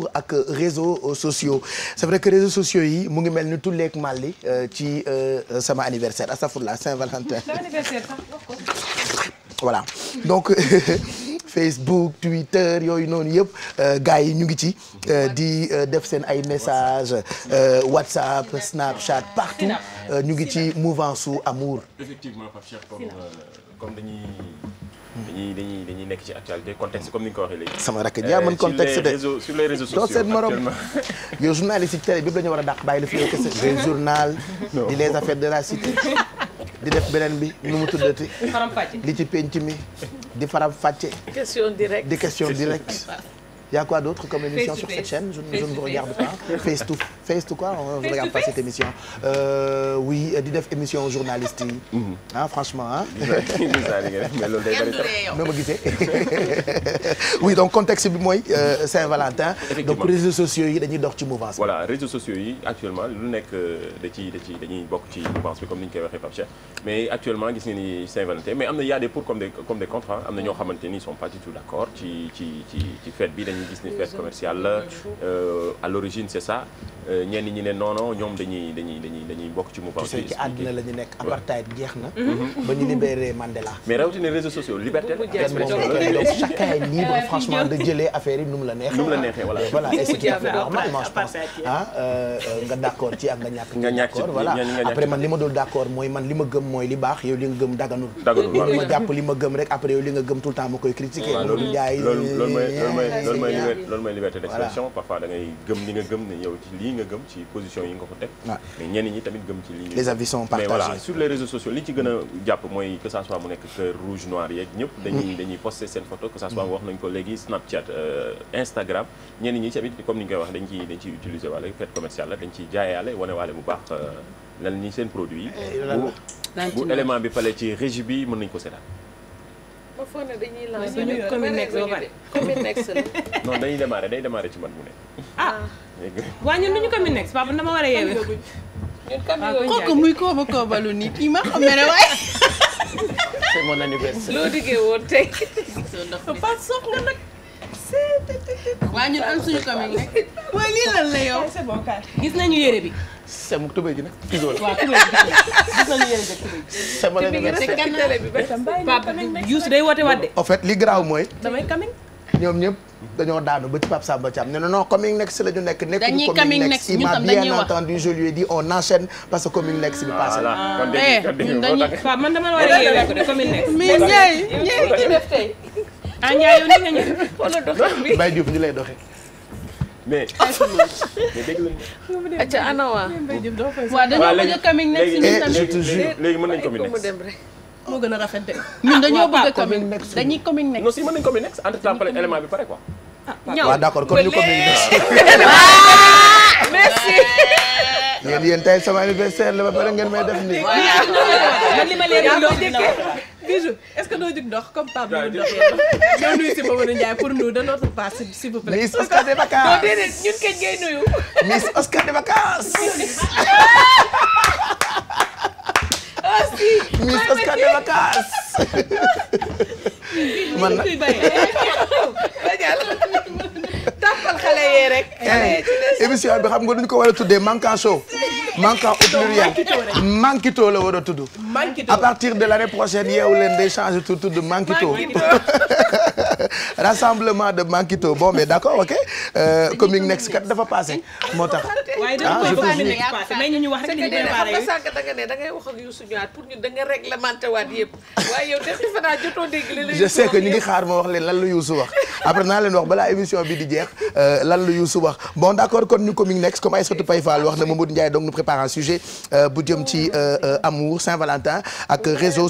parcours ak réseaux sociaux c'est vrai que réseaux sociaux yi mu ngi mel ni tout tulleeg màlli euh, ci euh, sama anniversaire astafurlah Saint-Valentin voilà donc Facebook Twitter yooyu noonu yëpp euh, gars yi ñu ngi ci di def seen ay message WhatsApp Snapchat partout ñu ngi ci mouvance su amour effectivement dañuy dañuy dañuy nekk ci actualité contexte comme ni nga ko waxee léegi. sama rakk jaa ah, mën euh, contexte de sur les réseaux sociaux seen morom yow journaliste ci télé bi la ñu war a dàq bàyyi la fi yow kese les journal di les affaires de la cité di def beneen bi nu mu tuddati. faram fàcce li ci penc mi di faram fàcce. question direct di question direct. y a quoi d'autre comme émission sur cette chaîne je ne vous regarde pas face to face to quoi on ne regarde émission euh, di def émission journaliste yi. Mhm. ah franchement ma mais loolu day bari ma gisee. oui donc contexte bi mooy euh, Saint-Valentin. donc réseaux sociaux yi dañuy dox ci mouvance voilà réseaux sociaux yi actuellement lu nekk euh, da ciy da ciy bokk ci mouvance comme ni ñu koy waxee Pape Cheikh mais actuellement gis ni Saint-Valentin mais am na a des pour comme des comme am na ñoo xamante ni ils sont pas du tout d'accord ci ci ci ci fête bi dañuy gis ni fête commerciale la euh, à l'origine c'est ça. ñenn ñi ne non non ñoom dañuy dañuy dañuy dañuy bokk ci mouvement. tu sais ci àddina la ñu nekk apartheid jeex na. Mhm. Mhm. ba ñu libéré Mandela. mais rawatina réseaux sociaux liberté donc chacun est libre franchement de jëlee affaire yi nu mu la neexee. nu mu la neexee voilà euh, voilà et c'est tout à fait normal je pense ah euh, euh, nga d'accord ci ak nga ñàkk. nga ñàkk ci voilà après man li ma dul d'accord mooy man li ma gëm mooy li baax yow li nga gëm daganul. daganul ma jàpp li ma gëm rek après yow li nga gëm tout le temps ma koy critiquer. loolu loolu loolu mooy loolu mooy liberté d'expression parfois da ngay gëm li nga gëm ne yow ci lii nga nga gëm ci position yi nga ko teg mais ñenn ñi tamit gëm ci li les avis sont partagés sur les réseaux sociaux li ci gën jàpp mooy que ça soit mu nekk cœur rouge noir yeeg ñëpp dañuy mm. dañuy seen photo que ça soit mm. wax nañ ko léegi Snapchat euh, Instagram ñenn ñi tamit comme ni ñu koy wax dañ ciy utiliser waale fête commerciale la dañ ciy jaayaale wane waale bu baax euh, lan ni seen produit eh, bu élément bi fale ci régie bi mën nañ ko seetaan ma foog ne dañuy lancer ñu commune next ba pare commune next la. non dañuy démarrer day démarrer ci man mu ne. ah waa ñun duñu commune next papa dama war a yeewee. ñun commune kooku muy kooba koobalu nii kii ma xam ne waaye. c'est mon anniversaire. loo diggee woon tey. papa soog nga nag. waa ñun am suñu commune next. waaye lii lan la yow. gis nañu yére bi. sama tubéy ji nag tigo la. waaw tubéy ji gis nañu yéen a tubéy ji. sama la ñu ci télé bi Pape Youssou day woote waat de. en fait li garaaw mooy. damay coming. ñoom ñëpp dañoo daanu ba ci Pape Samba Thiam ne non non coming next la ñu nekk. dañuy coming next il m'a bien entendu je lui ai dit on enchaîne parce que coming next bi passé la. Ah. kon dañuy eh, dañuy man dama la war a yeewee ko coming next. mais Ndiaye Ndiaye ci def tey. ah Ndiaye yow ni nga ñëw. wala doxee bi Baye Diouf ñu lay doxee. mais mais dégg nañu. ati ana waa. waaw dañoo bëgg a coming nekk si ñun tamit. léegi mën nañu coming nekk. moo gën a rafet de. ñun dañoo bëgg a coming nekk dañuy coming nekk. non si mën nañu coming nekk entre temps pare élément bi pare quoi. ñëw waaw d'accord comme ñu coming nekk. merci. yéen yéen tey sama anniversaire la ba pare ngeen may def nii. man li ma leen Bijou est-ce que doo jug dox comme Pape Mamadou Ndiaye ñoo nuyu si Mamadou Ndiaye pour nous de notre part s'il vous plaît. Miss Oscar des vacances non déedéet ñun kenn ngay nuyu. Miss Oscar des vacances. aussi. Ah, ah, Miss Oscar des vacances. man la eh. tàppal xale yee rek. Eh, xale ci des émission bi xam nga duñ ko war a tuddee manquant show. manquant au pluriel mankito la war a tudd. mankito à partir de l'année prochaine yeewu leen day changer tout tudd mankito. rassemblement de mankito bon mais d'accord ok. Euh, coming next kat dafa passé moo tax. waaye da nga ah, koy bëgg nga sànq da nga ne da pour ñu da nga réglementé waat yëpp waaye yow def defe naa jotoo dégg li la je sais que ñu ngi xaar ma wax leen lan la Youssou wax après naa leen wax balaa émission bi di jeex euh, lan la Youssou wax bon d'accord kon ñu coming next comme Aïssatou Paye Fall wax na Mamadou Ndiaye donc nous prépare un sujet euh, bu jëm ci euh, amour Saint-Valentin ak réseau